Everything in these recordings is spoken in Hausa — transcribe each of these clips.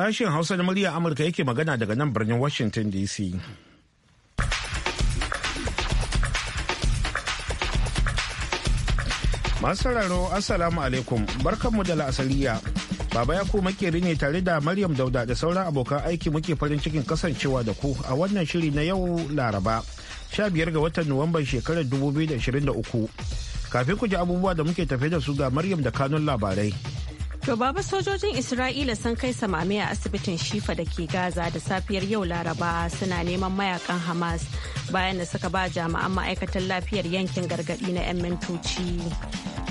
Sashen Hausa da murya Amurka yake magana daga nan birnin Washington DC. Masararo Assalamu alaikum barkanmu da la'asariya. Baba ya makeri ne tare da Maryam Dauda da sauran abokan aiki muke farin cikin kasancewa da ku a wannan shiri na yau Laraba, 15 ga watan Nuwamban shekarar 2023. Kafin ku ji abubuwa da muke tafe da su ga Maryam da kanun labarai. To baba sojojin Isra'ila sun kai samame a asibitin Shifa da ke Gaza da safiyar yau Laraba suna neman mayakan Hamas bayan da suka ba jami'an ma'aikatan lafiyar yankin gargadi na 'yan mintoci.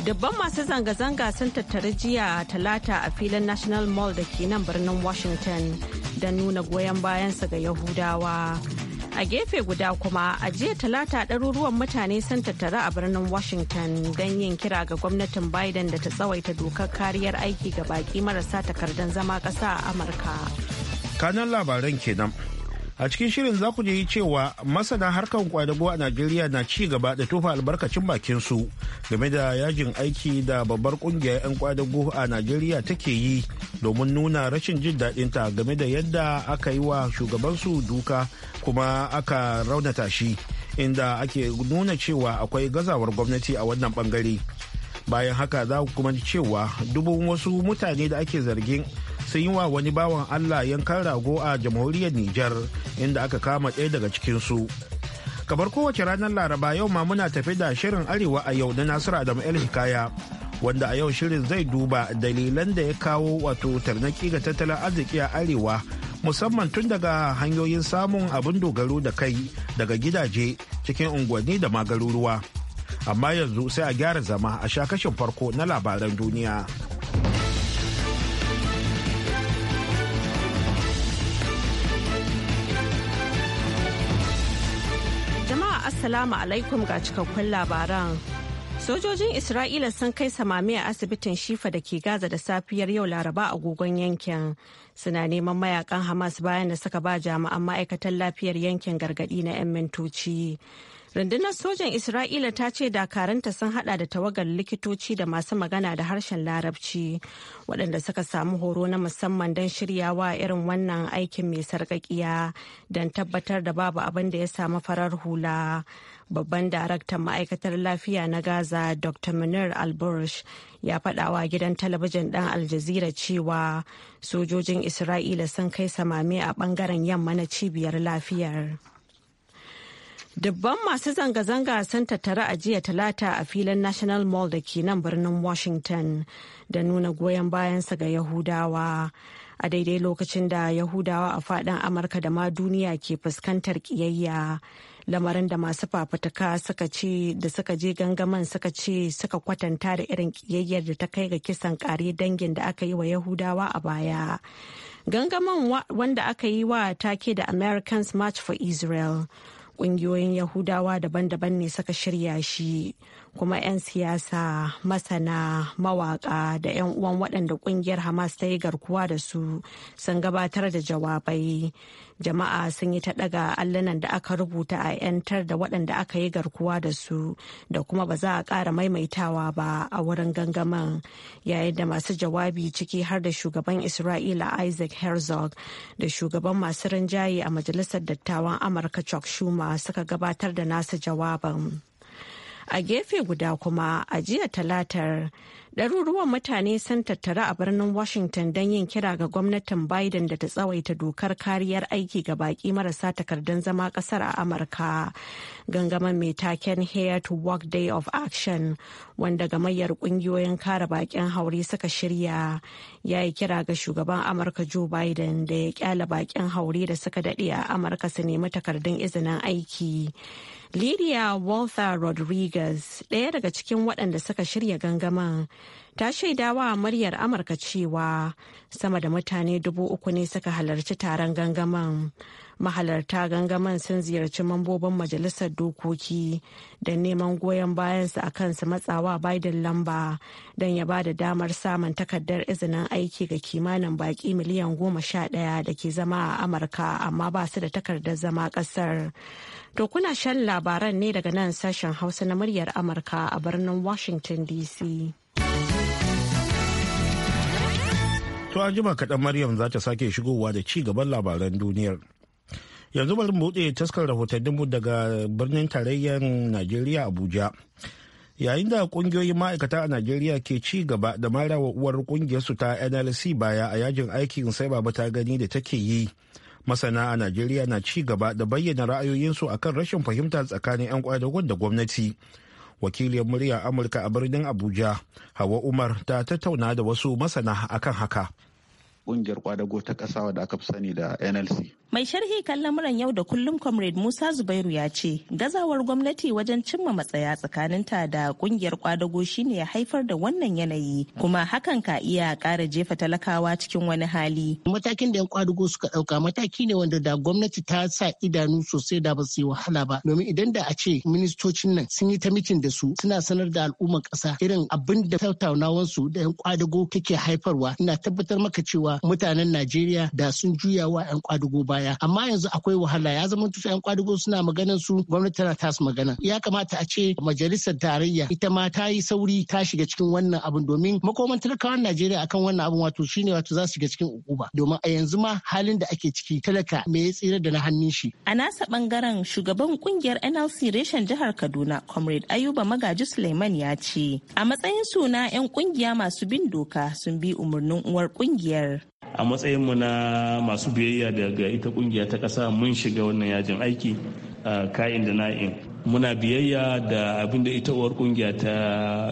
Dubban masu zanga-zanga sun tattara jiya talata a filin National Mall da ke nan birnin Washington don nuna goyon bayansa ga Yahudawa. a gefe guda kuma a jiya talata ɗaruruwan mutane sun tattara a birnin washington don yin kira ga gwamnatin biden da ta tsawaita dokar kariyar aiki ga baki marasa takardun zama ƙasa a amurka kanan labaran kenan a cikin shirin za ku yi cewa masana harkar kwadago a najeriya na ci gaba da tofa albarkacin bakin su game da yajin aiki da babbar kungiyar 'yan kwadago a najeriya take yi domin nuna rashin jin daɗin ta game da yadda aka yi wa shugabansu duka kuma aka raunata shi inda ake nuna cewa akwai gazawar gwamnati a wannan bangare bayan haka za ku kuma cewa dubun wasu mutane da ake zargin sun yi wa wani bawan Allah yankan rago a jamhuriyar Nijar inda aka kama ɗaya daga cikinsu. Kamar kowace ranar Laraba yau ma muna tafi da shirin Arewa a yau na Nasiru Adamu El Hikaya wanda a yau shirin zai duba dalilan da ya kawo wato tarnaki ga tattalin arziki a Arewa musamman tun daga hanyoyin samun abin dogaro da kai daga gidaje cikin unguwanni da ma garuruwa. Amma yanzu sai a gyara zama a sha kashin farko na labaran duniya. Assalamu alaikum ga cikakkun labaran. Sojojin Isra'ila sun kai samami a asibitin Shifa da ke Gaza da safiyar yau Laraba a agogon yankin. Suna neman mayakan Hamas bayan da suka ba jami'an ma'aikatan lafiyar yankin gargadi na 'yan mintoci. rundunar sojan isra'ila ta ce dakaranta sun hada da tawagar likitoci da masu magana da harshen larabci waɗanda suka samu horo na musamman don shiryawa irin wannan aikin mai sarƙaƙiya don tabbatar da babu abin da ya samu farar hula babban daraktan ma'aikatar lafiya na gaza dr munir albursh ya faɗawa gidan talabijin ɗan aljazira cewa sojojin isra'ila sun kai samame a ɓangaren yamma na cibiyar lafiyar. Dubban masu zanga-zanga sun tattara a jiya talata a filin National Mall da ke nan birnin Washington da nuna goyon bayansa ga Yahudawa. A daidai lokacin da Yahudawa a faɗin Amurka da ma duniya ke fuskantar ƙiyayya. Lamarin da masu fafutuka suka ce da suka je gangaman suka ce suka kwatanta da irin ƙiyayyar da ta kai ga kisan ƙare dangin da aka yi wa Yahudawa a baya. Gangaman wanda aka yi wa take da Americans March for Israel. ƙungiyoyin Yahudawa daban-daban ne suka shirya shi kuma 'yan siyasa masana mawaka da 'yan uwan waɗanda ƙungiyar hamas ta yi garkuwa da su sun gabatar da jawabai jama'a sun yi ta ɗaga allunan da aka rubuta a 'yantar da waɗanda aka yi garkuwa da su da kuma ba za a ƙara maimaitawa ba a wurin gangaman yayin da masu jawabi ciki har da shugaban isra'ila isaac herzog da shugaban masu rinjaye a majalisar dattawan amurka chuck schumer suka gabatar da nasu jawaban. a gefe guda kuma a jiya talatar Ɗaruruwan mutane sun tattara a birnin Washington don yin kira ga gwamnatin Biden da ta tsawaita dokar kariyar aiki ga baƙi marasa takardun zama ƙasar a Amurka. Gangaman mai taken Here to Work Day of Action wanda gamayyar ƙungiyoyin kare baƙin haure suka shirya ya yi kira ga shugaban Amurka Joe Biden da ya kyala baƙin haure da suka daɗe a Amurka su nemi takardun izinin aiki. Lydia Walther Rodriguez ɗaya daga cikin waɗanda suka shirya gangaman. ta shaida wa muryar amurka cewa sama da mutane dubu uku ne suka halarci taron gangaman mahalarta gangaman sun ziyarci mambobin majalisar dokoki da neman goyon bayansu a kansu matsawa biden lamba don ya ba da damar samun takardar izinin aiki ga kimanin baki miliyan goma sha ɗaya da ke zama a amurka amma ba su da takardar zama ƙasar to kuna shan labaran ne daga nan sashen hausa na muryar amurka a birnin washington dc To an jima kaɗan Maryam za ta sake shigowa da ci gaban labaran duniyar. Yanzu bari mu buɗe taskar rahotanninmu daga birnin tarayyar Najeriya Abuja. Yayin da ƙungiyoyin ma'aikata a Najeriya ke ci gaba da mara wa uwar ƙungiyarsu ta NLC baya a yajin aikin sai baba ta gani da take yi. Masana a Najeriya na ci gaba da bayyana ra'ayoyinsu akan rashin fahimta tsakanin 'yan kwadagon da gwamnati. wakiliyar murya amurka a birnin abuja hawa umar ta tattauna da wasu masana akan haka kungiyar kwadago ta kasa wadda aka fi sani da NLC. Mai sharhi kan lamuran yau da kullum Comrade Musa Zubairu ya ce gazawar gwamnati wajen cimma matsaya tsakanin ta da kungiyar kwadago shine ya haifar da wannan yanayi kuma hakan ka iya kara jefa talakawa cikin wani hali. Matakin da 'yan kwadago suka ɗauka mataki ne wanda da gwamnati ta sa idanu sosai da ba su yi wahala ba domin idan da a ce ministocin nan sun yi ta mitin da su suna sanar da al'ummar ƙasa irin abin da su da 'yan kwadago take haifarwa ina tabbatar maka cewa mutanen Najeriya da sun juya wa 'yan kwadugo baya amma yanzu akwai wahala ya zama tufi 'yan kwadugo suna maganan su gwamnati tana tasu magana ya kamata a ce majalisar tarayya ita ma ta yi sauri ta shiga cikin wannan abin domin makoman talakawan Najeriya akan wannan abin wato shine wato za su shiga cikin ukuba domin a yanzu ma halin da ake ciki talaka me ya tsira da na hannun shi a nasa bangaren shugaban kungiyar NLC reshen jihar Kaduna Comrade Ayuba Magaji Suleiman ya ce a matsayin suna 'yan kungiya masu bin doka sun bi umarnin uwar kungiyar a matsayinmu na masu biyayya daga ita kungiya ta ƙasa mun shiga wannan yajin aiki ka'in da na'in muna biyayya da abin da ita uwar kungiya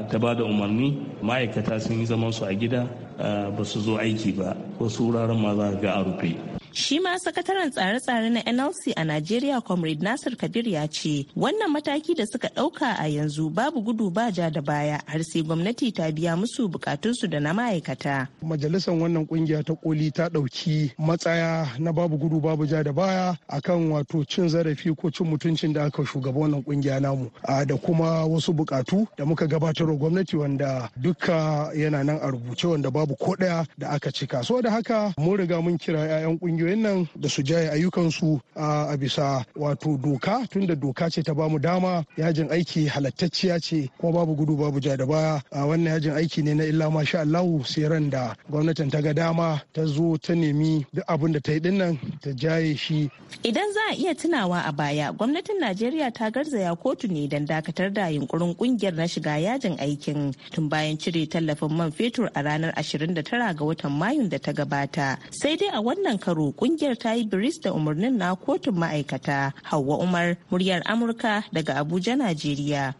ta ba da umarni ma'aikata sun yi zaman su a gida ba su zo aiki ba wasu wuraren ma za ga a rufe Shi ma sakataren tsare-tsare na NLC a nigeria Comrade Nasir Kabir ya ce wannan mataki da suka dauka a yanzu babu gudu ba ja da baya har sai gwamnati ta biya musu bukatunsu da na ma'aikata. Majalisar wannan kungiya ta koli ta dauki matsaya na babu gudu babu ja da baya akan wato cin zarafi ko cin mutuncin da aka shugaba wannan kungiya namu da kuma wasu bukatu da muka gabatarwa gwamnati wanda duka yana nan a rubuce wanda babu ko ɗaya da aka cika. So da haka mun riga mun kira 'ya'yan kungiyoyi kungiyoyin nan da su jaye ayyukansu a bisa wato doka tunda doka ce ta bamu dama yajin aiki halattacciya ce kuma babu gudu babu ja da baya wannan yajin aiki ne na illa masha Allahu sai ran da gwamnatin ta ga dama ta zo ta nemi duk abin da ta yi dinnan ta jaye shi idan za a iya tunawa a baya gwamnatin Najeriya ta garzaya kotu ne don dakatar da yunkurin kungiyar na shiga yajin aikin tun bayan cire tallafin man fetur a ranar 29 ga watan Mayun da ta gabata sai dai a wannan karo kungiyar ta yi biris da umarnin na kotun ma'aikata. Hauwa Umar, muryar Amurka daga Abuja, Najeriya.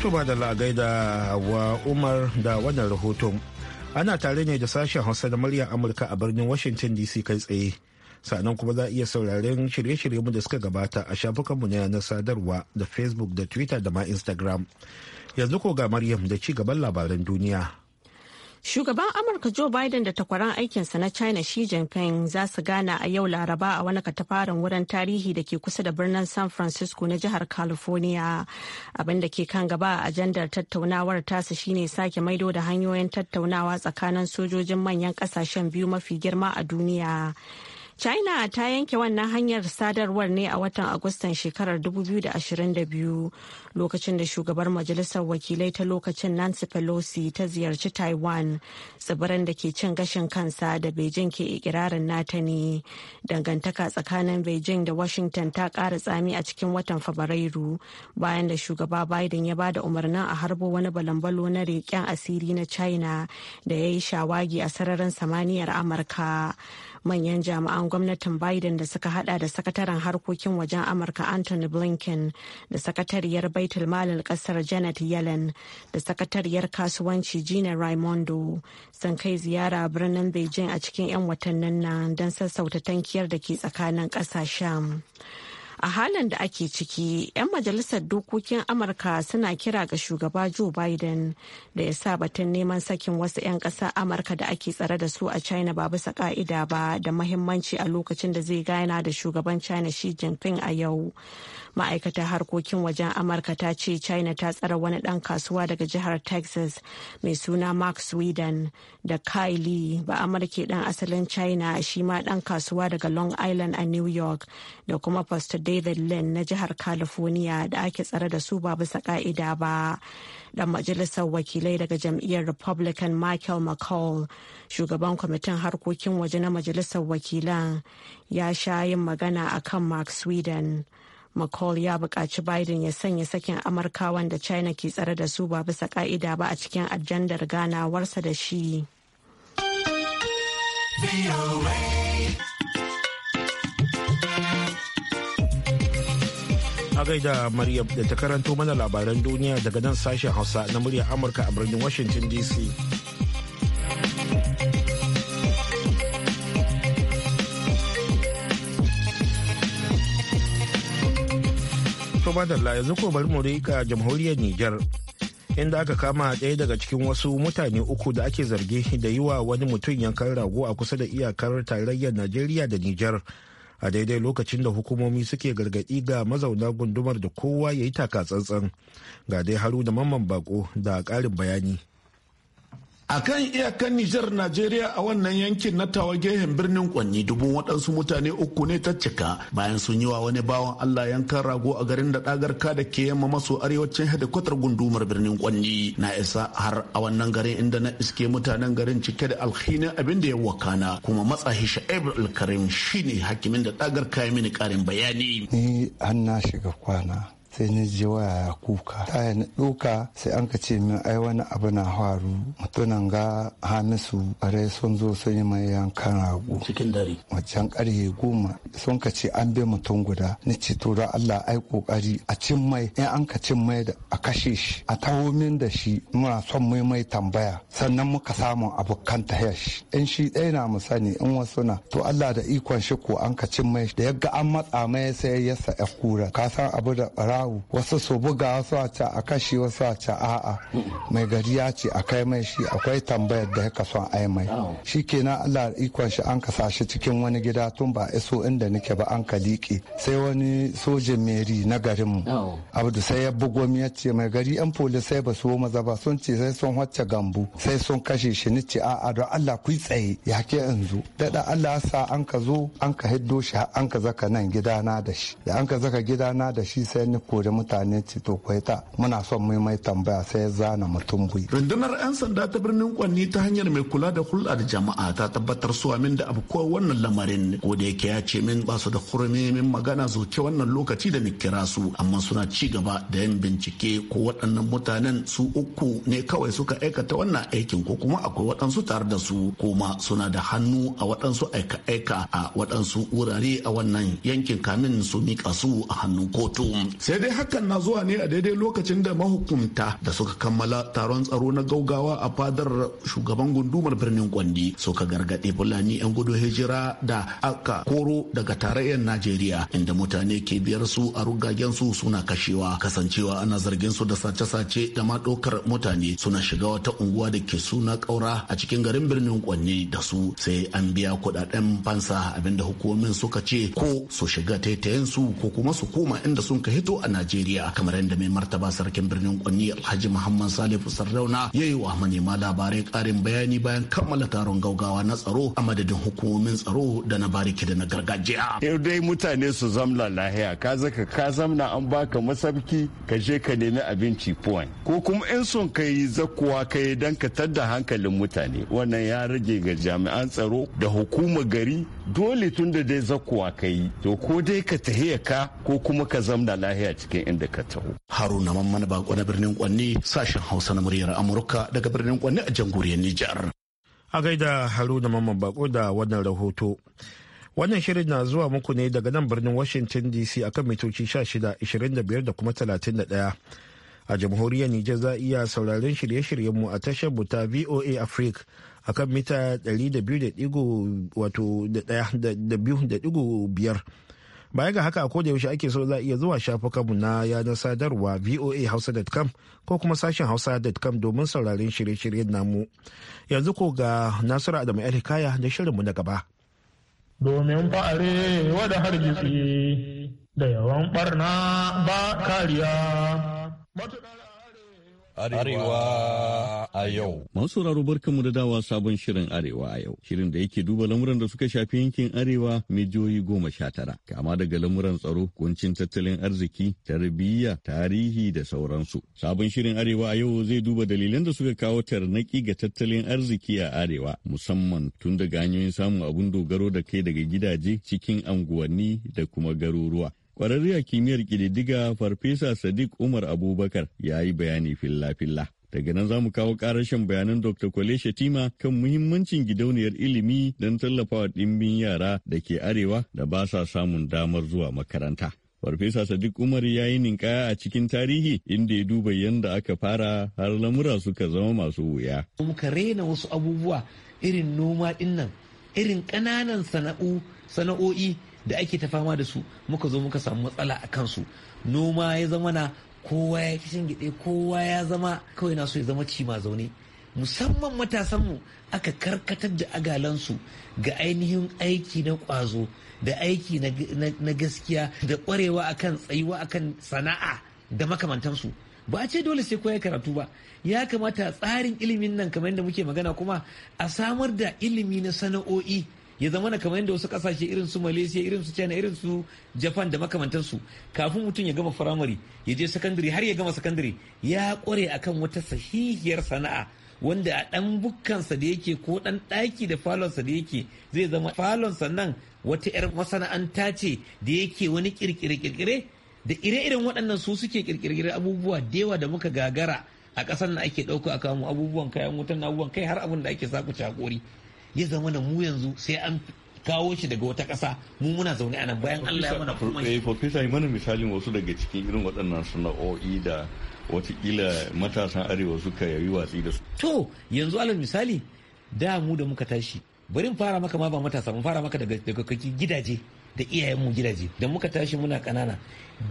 Tuba da lagai da wa Umar da wannan rahoton. Ana tare ne da sashen Hausa da murya Amurka a birnin Washington DC kai tsaye. sannan kuma za a iya sauraren shirye-shirye mu da suka gabata a shafukanmu na yanar sadarwa da facebook da twitter da ma instagram yanzu ko ga maryam da ci gaban labaran duniya shugaban amurka joe biden da takwaran aikinsa na china xi jinping za su gana a yau laraba a wani katafarin wurin tarihi da ke kusa da birnin san francisco na jihar california abin da ke kan gaba a ajandar tattaunawar tasu shine sake maido da hanyoyin tattaunawa tsakanin sojojin manyan kasashen biyu mafi girma a duniya China ta yanke wannan hanyar sadarwar ne a watan Agustan shekarar 2022 lokacin da shugabar majalisar wakilai ta lokacin Nancy Pelosi ta ziyarci Taiwan tsibirin da ke cin gashin kansa da Beijing ke ikirarin nata ne. Dangantaka tsakanin Beijing da Washington ta kara tsami a cikin watan Fabrairu bayan da shugaba Biden ya ba da umarnin a harbo wani balambalo na leƙen asiri na China da ya yi shawagi a sararin samaniyar Amurka. manyan jami'an gwamnatin biden da suka hada da sakataren harkokin wajen amurka anthony blinken da sakatariyar baitul malin kasar janet yellen da sakatariyar kasuwanci gina raimondo sun kai ziyara birnin beijing a cikin 'yan watannin nan don sassauta tankiyar da ke tsakanin kasashen a halin da ake ciki 'yan majalisar dokokin amurka suna kira ga shugaba joe biden da ya sa batun neman sakin wasu 'yan ƙasar amurka da ake tsare da su a china ba bisa ka'ida ba da mahimmanci a lokacin da zai gana da shugaban china shi jinping a yau ma'aikatar harkokin wajen amurka ta ce china ta tsara wani dan kasuwa daga jihar texas mai suna mark sweden da kylie ba amurke dan asalin china shi ma dan kasuwa daga long island a new york da kuma pastor david lynn na jihar california da ake tsare da su ba bisa ka'ida ba dan majalisar wakilai daga jam'iyyar republican michael mccall shugaban kwamitin harkokin waje na majalisar wakilan ya sha yin magana akan mark sweden mccall ya buƙaci biden ya sanya sakin amurka wanda china ke tsare da su ba bisa ka'ida ba a cikin ajandar ganawarsa da shi a gaida Maryam da ta karanto mana labaran duniya daga nan sashen Hausa na muryar Amurka a birnin Washington DC. madalla yanzu ko bari mu rika jamhuriyar Nijar. Inda aka kama ɗaya daga cikin wasu mutane uku da ake zargi da yi wa wani mutum yankan rago a kusa da iyakar tarayyar Najeriya da Nijar. A daidai lokacin da hukumomi suke gargaɗi ga mazauna gundumar da kowa ya yi taka tsantsan. Ga dai haru da mamman bako da ƙarin bayani. a kan iyakan nijar najeriya a wannan yankin na tawa birnin kwanni dubu waɗansu mutane uku ne ta cika bayan sun yi wa wani bawan allah yankan rago a garin da ɗagarka da ke yamma maso arewacin hedikwatar gundumar birnin kwanni na isa har a wannan garin inda na iske mutanen garin cike da alhinin abin da ya wakana kuma matsahi sha'ib alkarim shine hakimin da ɗagarka ya mini ƙarin bayani ni an na shiga kwana sai ni je waya ya kuka taya na ɗuka sai an ka ce min ai wani abu na faru mutunan ga hamisu are sun zo sun yi mai yankan rago cikin dare wajen karhe goma sun ka ce an bi mutum guda ni ce to da Allah ai kokari a cin mai in an ka cin mai da a kashe shi a taho min da shi muna son mai mai tambaya sannan muka samu abokan tahiyar shi in shi ɗaya na mu sani in wasu na to Allah da ikon shi ko an ka cin mai da ya ga an matsa mai sai ya sa ya kura ka san abu da bara yawo wasu su buga wasu a ca a kashe wasu a ca a'a mai gari ya ce a kai mai shi akwai tambayar da yaka son ai mai oh. shi kenan allah ikon shi an kasa shi cikin wani gida tun ba iso inda nake ba an ka liƙe sai wani sojin meri na garinmu oh. abdu sai ya bugo mi ya ce mai gari yan sai ba su maza ba sun ce sai sun wacce gambu sai sun kashe shi ni ce a'a don allah ku tsaye ya ke yanzu daɗa allah sa an ka zo an ka hiddo shi an ka zaka nan gidana da shi da an ka zaka gidana da shi sai ni ko kori mutane ci to ta muna son mu mai tambaya sai ya zana mutum bui. Rundunar 'yan sanda ta birnin Kwanni ta hanyar mai kula da hulɗa da jama'a ta tabbatar suwa min da abkuwa wannan lamarin ko da yake ya ce min ba su da kurmi min magana zoke wannan lokaci da ni kira su amma suna ci gaba da yin bincike ko waɗannan mutanen su uku ne kawai suka aikata wannan aikin ko kuma akwai waɗansu tare da su kuma suna da hannu a waɗansu aika-aika a waɗansu wurare a wannan yankin kamin su miƙa su a hannun kotu. Sai dai hakan na zuwa ne a daidai lokacin da mahukunta da suka kammala taron tsaro na gaugawa a fadar shugaban gundumar birnin Gwandi suka gargaɗe Fulani 'yan gudun hijira da aka koro daga tarayyar Najeriya inda mutane ke biyar su a rugagen su suna kashewa kasancewa ana zargin su da sace-sace da ma ɗaukar mutane suna shiga wata unguwa da ke suna ƙaura a cikin garin birnin Gwanne da su sai an biya kuɗaɗen fansa abinda hukumomin suka ce ko su shiga taitayen su ko kuma su koma inda sun ka hito a Najeriya kamar yadda mai martaba sarkin birnin kwani Alhaji Muhammad Salihu Sardauna ya yi wa manema labarai karin bayani bayan kammala taron gaugawa na tsaro a madadin hukumomin tsaro da na bariki da na gargajiya. Yau dai mutane su zamla lahiya ka zaka ka zamna an baka masabki ka je ka nemi abinci point ko kuma in sun kai zakuwa kai dan ka tadda hankalin mutane wannan ya rage ga jami'an tsaro da hukumar gari dole tunda da dai zakuwa kai to ko dai ka tahiya ka ko kuma ka zamna lahiya cikin inda ka taho haruna mamman bako na birnin kwanni sashen hausa na muryar amurka daga birnin kwanni a jamhuriyar nijar a gaida haruna mamman bako da wannan rahoto wannan shirin na zuwa muku ne daga nan birnin washington dc akan mitoci 16 25 da kuma 31 a jamhuriyar Nijar za iya sauraron shirye-shiryenmu a tashar buta VOA Africa a kan mita 200.5 baya ga haka a koda yaushe ake so za iya zuwa shafukanmu na yanar sadarwa voahausa.com ko kuma sashen hausa.com domin sauraron shirye-shiryen namu yanzu ko ga nasiru adamu alhikaya da mu na gaba domin fa'are wadda hargitsi da yawan barna ba kariya arewa a yau. Masu sauraro barkanmu da dawa sabon shirin Arewa a yau. Shirin da yake duba lamuran da suka shafi yankin Arewa mijoyi goma sha tara. Kama daga lamuran tsaro, kuncin tattalin arziki, tarbiyya, tarihi da sauransu. Sabon shirin Arewa a yau zai duba dalilan da suka kawo tarnaki ga tattalin arziki a Arewa, musamman tun daga hanyoyin samun abun dogaro da kai daga gidaje cikin anguwanni da kuma garuruwa. kwararriya kimiyyar ƙididdiga Farfesa Sadiq Umar Abubakar ya yi bayani filla-filla. Daga nan za mu kawo karashin bayanan Dr. Kwale Shatima kan muhimmancin gidauniyar ilimi don tallafawa ɗimbin yara da ke arewa da ba sa samun damar zuwa makaranta. Farfesa Sadiq Umar ya yi ninkaya a cikin tarihi inda ya duba yadda aka fara har lamura suka zama masu wuya. Muka rena wasu abubuwa irin noma dinnan, irin ƙananan sana'u sana'o'i da ake ta fama da su muka zo muka samu matsala a kansu. Noma ya zama na kowa ya shan shingiɗe kowa ya zama kawai na so ya zama cima zaune musamman matasanmu aka karkatar da agalansu ga ainihin aiki na ƙwazo da aiki na gaskiya da ƙwarewa akan tsayuwa akan sana'a da makamantansu ba a ce dole sai koya karatu ba ya kamata tsarin ilimin nan kamar yadda muke magana kuma a samar da ilimi na sana'o'i ya zama na kamar yadda wasu kasashe irin su malaysia irin su china irin su japan da makamantansu kafin mutum ya gama firamare ya je sakandare har ya gama sakandare ya kware akan wata sahihiyar sana'a wanda a dan bukkansa da yake ko dan daki da falonsa da yake zai zama falonsa nan wata 'yar masana'anta ce da yake wani kirkire-kirkire da ire-iren waɗannan su suke kirkire kirkire abubuwa da yawa da muka gagara a ƙasar na ake ɗauka a kamu abubuwan kayan wutan abubuwan kai har abin da ake saku cakori ya zama na mu yanzu sai an kawo shi daga wata kasa mu muna zaune anan bayan Allah ya mana kuma shi. Eh, yi mana misalin wasu daga cikin irin waɗannan sana'o'i da watakila matasan arewa suka yi watsi da su. To yanzu alal misali da mu da muka tashi bari fara maka ma ba matasa mu fara maka daga daga gidaje da iyayen iyayenmu gidaje da muka tashi muna kanana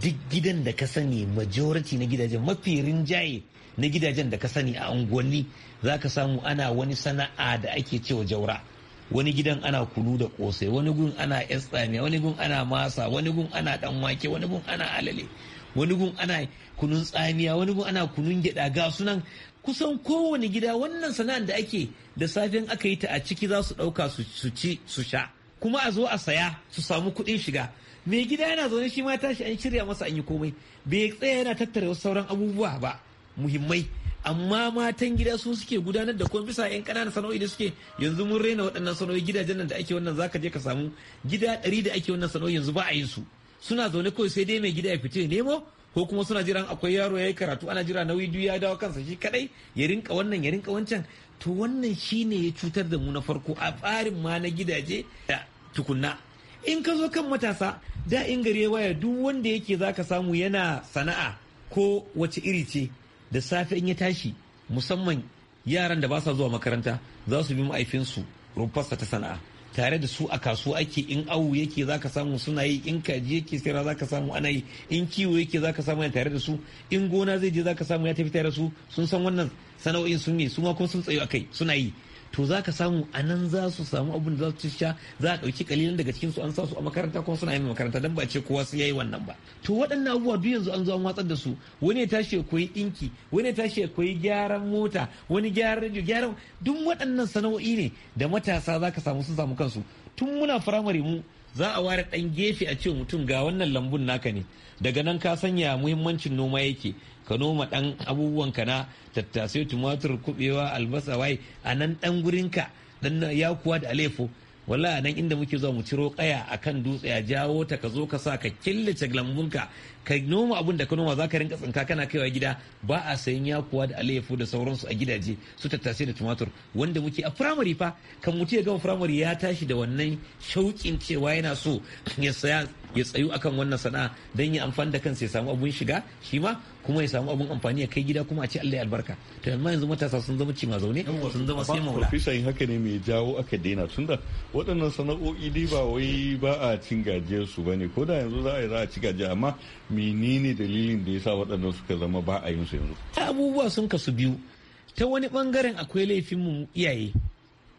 duk gidan da ka sani majority na gidaje mafi rinjaye na gidajen da ka sani a unguwanni za ka samu ana wani sana'a da ake cewa jaura wani gidan ana kunu da kosai wani gun ana yan tsamiya wani gun ana masa wani gun ana dan wake wani gun ana alale wani gun ana kunun tsamiya wani gun ana kunun gyada ga sunan kusan kowane gida wannan sana'ar da ake da safen aka yi ta a ciki za su dauka su ci su sha kuma a zo a saya su samu kuɗin shiga mai gida yana zaune shi ma tashi an shirya masa an yi komai bai tsaya yana tattara sauran abubuwa ba muhimmai amma matan gida su suke gudanar da kuma bisa yan ƙananan sana'o'i da suke yanzu mun raina waɗannan sana'o'i gidajen nan da ake wannan zaka je ka samu gida ɗari da ake wannan sana'o'i yanzu ba a yin su suna zaune kawai sai dai mai gida ya fita ya nemo ko kuma suna jiran akwai yaro ya yi karatu ana jira nauyi duk ya dawo kansa shi kadai ya rinka wannan ya rinka wancan to wannan shine ya cutar da mu na farko a tsarin ma na gidaje da tukunna in ka zo kan matasa da in gare waya duk wanda yake zaka samu yana sana'a ko wace iri ce da safe in ya tashi musamman yaran da ba sa zuwa makaranta za su bi ma'aifinsu rumfarsa ta sana'a tare da su a kasuwa ake in awu yake za ka samu suna yi in kaji yake sayarwa za ka samu ana yi in kiwo yake za ka samu yana tare da su in gona zai je za ka samu ya tafi tare da su sun san wannan sana'o'in sun yi su ma kuma sun tsayo akai suna yi to za ka samu a nan za su samu abin da za su sha za a ɗauki kalilan daga cikinsu an sa su a makaranta ko suna yin makaranta don ba a ce kowa su yayi wannan ba to waɗannan abubuwa duk yanzu an zo an watsar da su wani ya tashi ya koyi ɗinki wani ya tashi ya koyi gyaran mota wani gyaran rediyo gyaran duk waɗannan sana'o'i ne da matasa za ka samu sun samu kansu tun muna firamare mu za a ware ɗan gefe a ce mutum ga wannan lambun naka ne daga nan ka sanya muhimmancin noma yake ka noma ɗan abubuwan ka na tattasai tumatur kubewa albasa wai a nan ɗan gurin ka ɗan yakuwa da alefo wala nan inda muke zuwa mu ciro kaya akan dutse a jawo ta ka zo ka sa ka killace lambunka ka noma abin da ka noma zaka rinka tsinka kana kaiwa gida ba a sayan yakuwa da alayyafu da sauransu a gidaje su tattase da tumatur wanda muke a firamare fa kan mutu ya gama firamare ya tashi da wannan shauƙin cewa yana so ya saya ya tsayu akan wannan sana'a don ya amfani da kansa ya samu abun shiga shi ma kuma ya samu abun amfani ya kai gida kuma a ce Allah ya albarka to yanzu yanzu matasa sun zama cima zaune sun zama sai maula profesa yin haka ne mai jawo aka daina tunda waɗannan sana'o'i dai ba wai ba a cin gajiyar su bane ko da yanzu za a yi za a ci gajiya amma menene dalilin da ya sa waɗannan suka zama ba a yin su yanzu abubuwa sun kasu biyu ta wani bangaren akwai laifin mu iyaye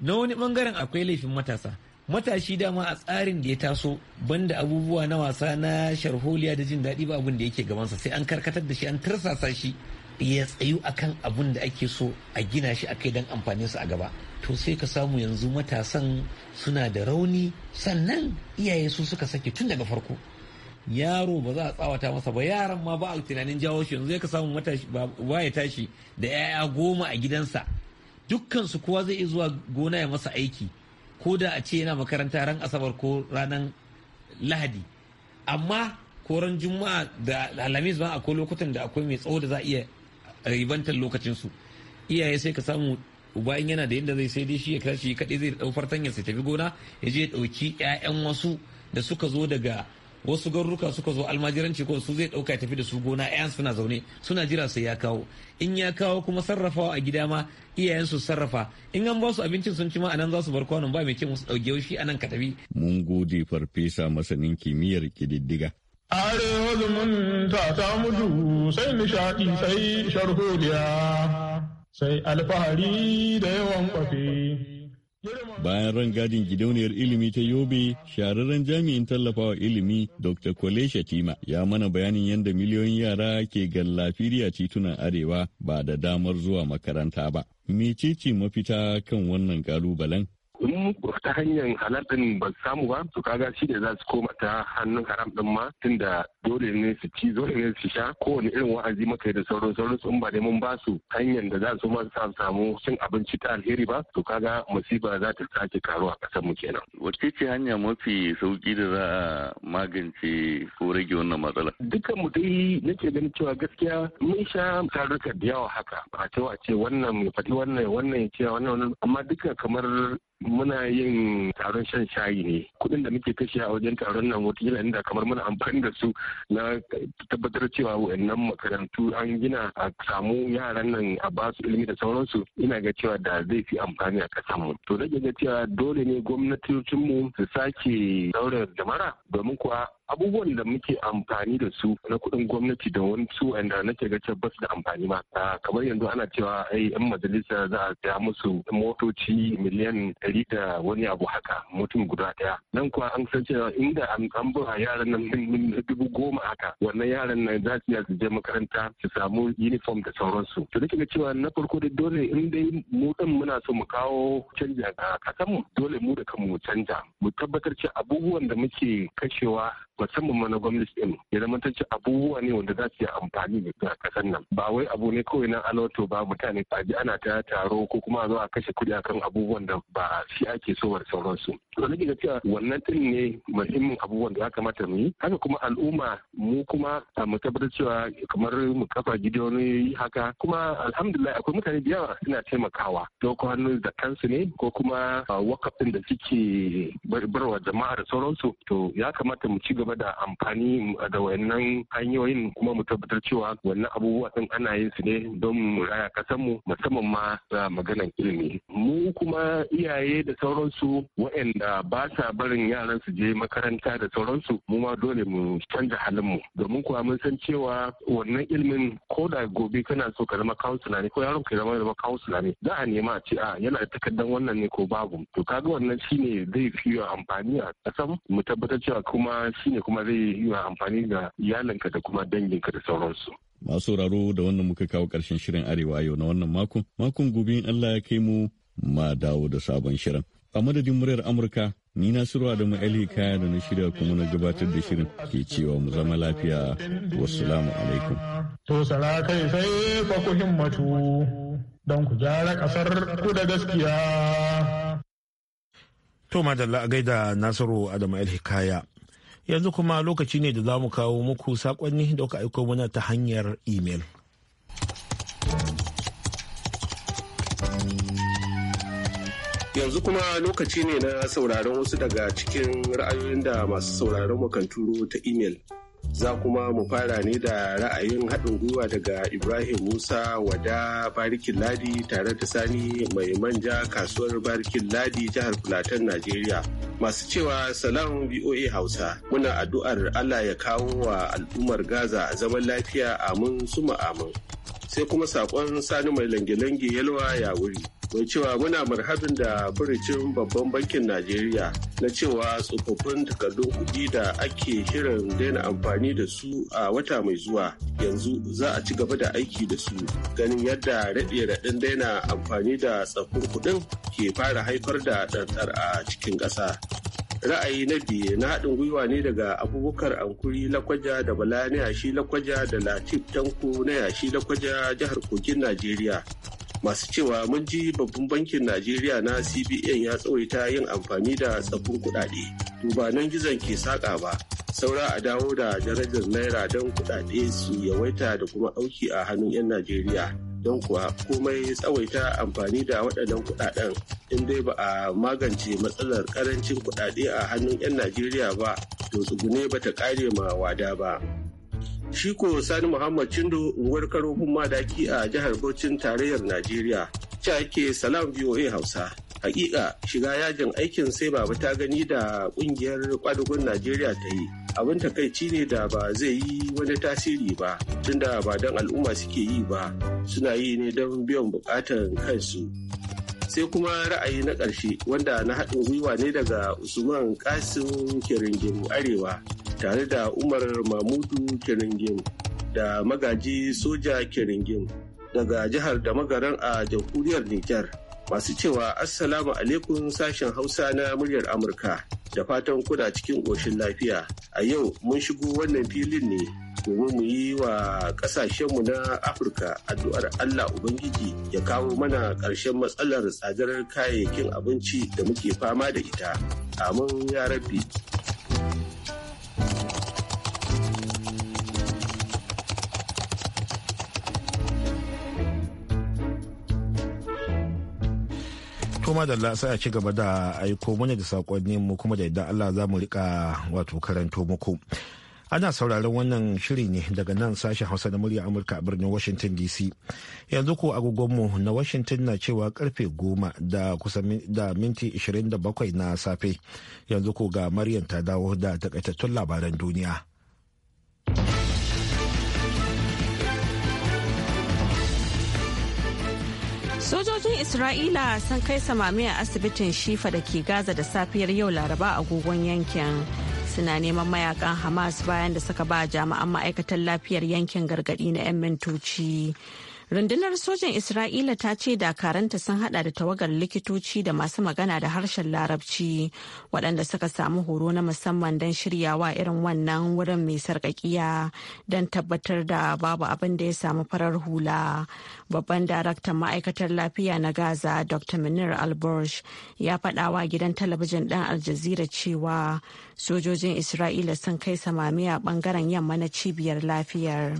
na wani bangaren akwai laifin matasa matashi dama a tsarin da ya taso banda abubuwa na wasa na sharholiya da jin daɗi ba abin da yake gabansa sai an karkatar da shi an tarsasa shi ya tsayu akan abun da ake so a gina shi akai don amfanin su a gaba to sai ka samu yanzu matasan suna da rauni sannan iyaye su suka sake tun daga farko yaro ba za a tsawata masa ba yaran ma ba a tunanin jawo shi yanzu zai ka samu matashi ba ya tashi da 'ya'ya goma a gidansa dukkan su kowa zai iya zuwa gona ya masa aiki ko da a ce yana makaranta ran asabar ko ranar lahadi amma koran juma'a da alhamis ma akwai lokutan da akwai mai tsawo da za a iya ribantar lokacinsu iyaye sai ka samu uba in yana da yadda zai sai dai shi ya kashi kaɗai zai ɗau fartanya sai tafi gona ya je ya ɗauki 'ya'yan wasu da suka zo daga wasu garuruka suka zo almajiranci ko su zai dauka tafi da su gona ayan suna zaune suna jira sai ya kawo in ya kawo kuma sarrafawa a gida ma iyayen su sarrafa in an ba su abincin sun ci ma anan za su bar kwanon ba mai ce musu dauke shi anan ka tafi mun gode farfesa masanin kimiyyar kididdiga are zumunta ta mutu sai nishadi sai sharholiya sai alfahari da yawan kwafi Bayan rangadin gidauniyar ilimi ta Yobe, shahararren jami'in tallafawa ilimi Dr. Kwale Shatima ya mana bayanin yadda miliyoyin yara ke gallafiriya titunan Arewa ba da damar zuwa makaranta ba. Mecece mafita kan wannan kalubalen? in ta hanyar halal ba ba samu ba to kaga shi ne za su koma ta hannun haram din ma tun da dole ne su ci dole ne su sha kowane irin wa'azi makai da sauran sauran su in ba mun ba su hanyar da za su ma su samu cin abinci ta alheri ba to kaga musiba za ta sake karuwa a kasar mu kenan wace ce hanya mafi sauki da za a magance ko rage wannan matsala dukkan mu dai nake ganin cewa gaskiya mun sha tarurruka da yawa haka ba cewa ce wannan ya faɗi wannan wannan ya ce wannan amma duka kamar muna yin taron shan shayi ne kuɗin da muke kashe a wajen taron nan watakila inda kamar muna amfani da su na tabbatar cewa wayannan makarantu an gina a samu yaran nan a ba su ilimi da sauransu ina ga cewa da zai fi amfani a ƙasar mu to nake ga cewa dole ne mu su sake daura jama'a domin kuwa abubuwan da muke amfani da su na kuɗin gwamnati da wani su wanda nake ga tabbas da amfani ma ah, kamar yanzu ana cewa ai yan majalisa za a saya musu motoci miliyan ɗari da wani abu haka mutum guda ɗaya nan kuwa an san cewa inda an ba yaran nan min dubu goma haka wannan yaran nan za su su je makaranta su samu uniform da sauransu to nake ga cewa na farko da dole in dai mu din muna so mu kawo canji a kasanmu dole mu da kanmu mu canja mu tabbatar cewa abubuwan da muke kashewa musamman na gwamnati din ya zama ta abubuwa ne wanda za su yi amfani da a kasar nan ba wai abu ne kawai na aloto ba mutane a ji ana ta taro ko kuma a zo a kashe kuɗi akan abubuwan da ba shi ake so wa sauransu to nake ga cewa wannan din ne muhimmin abubuwan da ya kamata mu yi haka kuma al'umma mu kuma mu tabbatar cewa kamar mu kafa gidoni haka kuma alhamdulillah akwai mutane da yawa suna taimakawa ko hannu da kansu ne ko kuma wakafin da suke barwa jama'a da sauransu to ya kamata mu ci gaba gaba da amfani da wannan hanyoyin kuma mu tabbatar cewa wannan abubuwa sun ana yin su ne don mu raya kasan mu musamman ma da maganan ilimi mu kuma iyaye da sauransu waɗanda ba sa barin yaran su je makaranta da sauransu mu ma dole mu canza halin mu domin kuwa mun san cewa wannan ilimin ko da gobe kana so ka zama kansula ne ko yaron ka zama zama kansula ne za a nema a ce a ah, yana da takardar wannan ne ko babu to kaga wannan shine zai fiye amfani a kasan mu tabbatar cewa kuma shine ne kuma zai yi amfani da iyalinka da kuma danginka da sauransu. Masu sauraro da wannan muka kawo karshen shirin Arewa yau na wannan makon, makon gobe in Allah ya kai mu ma dawo da sabon shirin. A madadin muryar Amurka, ni na surwa da ma'ali kaya da na shirya kuma na gabatar da shirin ke cewa mu zama lafiya. wasu Wassalamu alaikum. To sala kai sai fa ku himmatu don ku gyara kasar ku da gaskiya. To madalla a gaida Nasiru Adamu El Hikaya. yanzu kuma lokaci ne da za mu kawo muku sakonni da kuka aiko mana ta hanyar imel. yanzu kuma lokaci ne na sauraron wasu daga cikin ra'ayoyin da masu sauraron kan turo ta imel. za kuma mu fara ne da ra'ayin haɗin gwiwa daga ibrahim musa wada barikin ladi tare da sani mai manja kasuwar barikin ladi jihar Filatan najeriya masu cewa salam voa hausa muna addu'ar allah ya kawo wa al'ummar gaza zaman lafiya amin suma amin sai kuma saƙon sani mai lange-lange yalwa ya wuri mai cewa muna marhabin da furicin babban bankin najeriya na cewa tsofaffin takardun kuɗi da ake shirin daina amfani da su a wata mai zuwa yanzu za a ci gaba da aiki da su ganin yadda raɗe-raɗin daina amfani da tsaffin kuɗin ke fara haifar da ɗanɗar a cikin ƙasa ra'ayi na biye na haɗin gwiwa ne daga abubakar ankuri lakwaja da bala na yashi lakwaja da latif tanko na yashi lakwaja jihar kogin najeriya masu cewa mun ji babban bankin najeriya na cbn ya tsawaita yin amfani da tsabbin kuɗaɗe duba nan gizon ke saƙa ba saura a dawo da darajar naira don kuɗaɗe su yawaita da kuma ɗauki a hannun 'yan najeriya don kuwa komai tsawaita amfani da waɗannan kuɗaɗen in dai ba a magance matsalar ƙarancin kuɗaɗe a hannun 'yan najeriya ba to tsugune ba ta ƙare ma wada ba Shiko sani muhammad cindo unguwar karofin madaki a jihar bauchin tarayyar najeriya cike yake salam voa hausa hakika shiga yajin aikin sai baba ta gani da kungiyar kwadugun najeriya ta yi abin takaici ne da ba zai yi wani tasiri ba tunda ba don al'umma suke yi ba suna yi ne don biyan bukatan kansu sai kuma ra'ayi na ƙarshe wanda na haɗin gwiwa ne daga usman kasim kiringim arewa tare da umar mamudu kiringin da magaji soja kiringin daga jihar da magaran a jamhuriyar nijar masu cewa assalamu alaikum sashen hausa na muryar amurka da fatan kuna cikin ƙoshin lafiya a yau mun shigo wannan filin ne domin mu yi wa ƙasashenmu na afirka addu'ar allah ubangiji ya kawo mana ƙarshen matsalar tsadar kayayyakin abinci da muke fama da ita amin ya rabbi kuma da sai a ci gaba da aiko mana da sakonnin mu kuma da idan Allah za mu rika wato karanto muku ana sauraron wannan shiri ne daga nan sashen hausa na murya amurka a birnin washington dc yanzu ko agogonmu na washington na cewa karfe goma da kusan da minti 27 na safe yanzu ko ga maryam ta dawo da takaitattun labaran duniya Sojojin Isra'ila sun kai samami a asibitin Shifa da ke Gaza da safiyar yau Laraba agogon yankin. Suna neman mayakan Hamas bayan da suka ba jami'an ma'aikatan lafiyar yankin gargadi na 'yan mintoci. rundunar sojan isra'ila ta ce dakaranta sun hada da tawagar likitoci da masu magana da harshen larabci waɗanda suka samu horo na musamman don shiryawa irin wannan wurin mai sarƙaƙiya don tabbatar da babu abin da ya samu farar hula babban daraktan ma'aikatar lafiya na gaza dr munir alborsh ya faɗawa gidan talabijin ɗan aljazira cewa sojojin isra'ila sun kai samami a ɓangaren yamma na cibiyar lafiyar.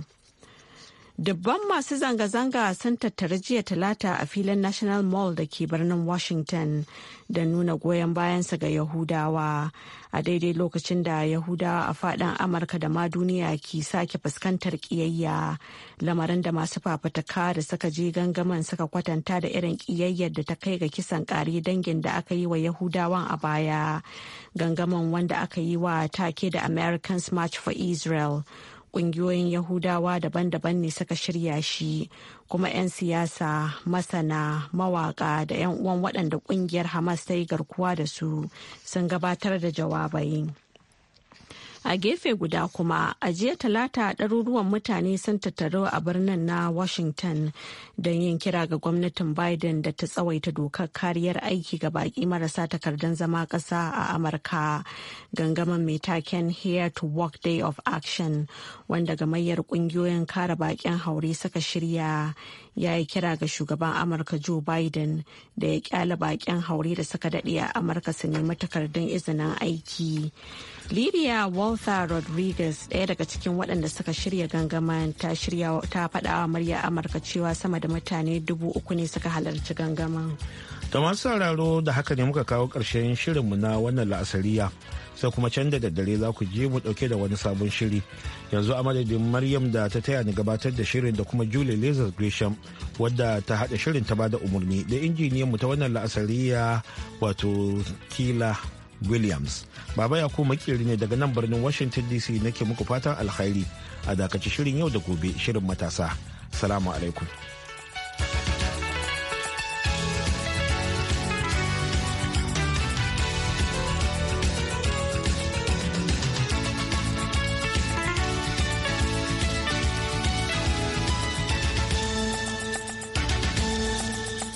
Dubban masu zanga-zanga sun tattara jiya talata a filin National Mall da ke birnin Washington da nuna goyon bayansa ga Yahudawa a daidai lokacin da Yahudawa a fadin Amurka da ma duniya ke sake fuskantar ƙiyayya lamarin da masu fafataka da suka je gangaman suka kwatanta da irin ƙiyayyar da ta kai ga kisan kare dangin da aka yi wa Yahudawan a baya gangaman wanda aka yi wa take da Americans March for Israel. kungiyoyin yahudawa daban-daban ne suka shirya shi kuma 'yan siyasa masana mawaka da 'yan uwan waɗanda kungiyar hamas ta yi garkuwa da su sun gabatar da jawabai. A gefe guda kuma a jiya talata ɗaruruwan mutane sun tattaru a birnin na Washington don yin kira ga gwamnatin Biden da ta tsawaita dokar kariyar aiki ga baƙi marasa takardun zama ƙasa a Amurka. Gangamin mai taken Here to Work Day of Action wanda gamayyar ƙungiyoyin kare baƙin haure suka shirya ya yi kira ga shugaban amurka joe biden da ya kyala bakin haure da suka daɗe a amurka su nemi takardun izinin aiki lydia walter rodriguez ɗaya daga cikin waɗanda suka shirya gangaman ta shirya ta faɗawa murya amurka cewa sama da mutane dubu uku ne suka halarci gangaman da masu sauraro da haka ne muka kawo ƙarshen shirinmu na wannan la'asariya sai kuma can da daddare za ku je mu ɗauke da wani sabon shiri yanzu a madadin maryam da ta taya ni gabatar da shirin da kuma julie lazar gresham wadda ta haɗa shirin ta bada umarni da injiniyan mu ta wannan la'asariya wato kila williams baba ya ku makeri ne daga nan birnin washington dc nake muku fatan alkhairi a dakaci shirin yau da gobe shirin matasa salamu alaikum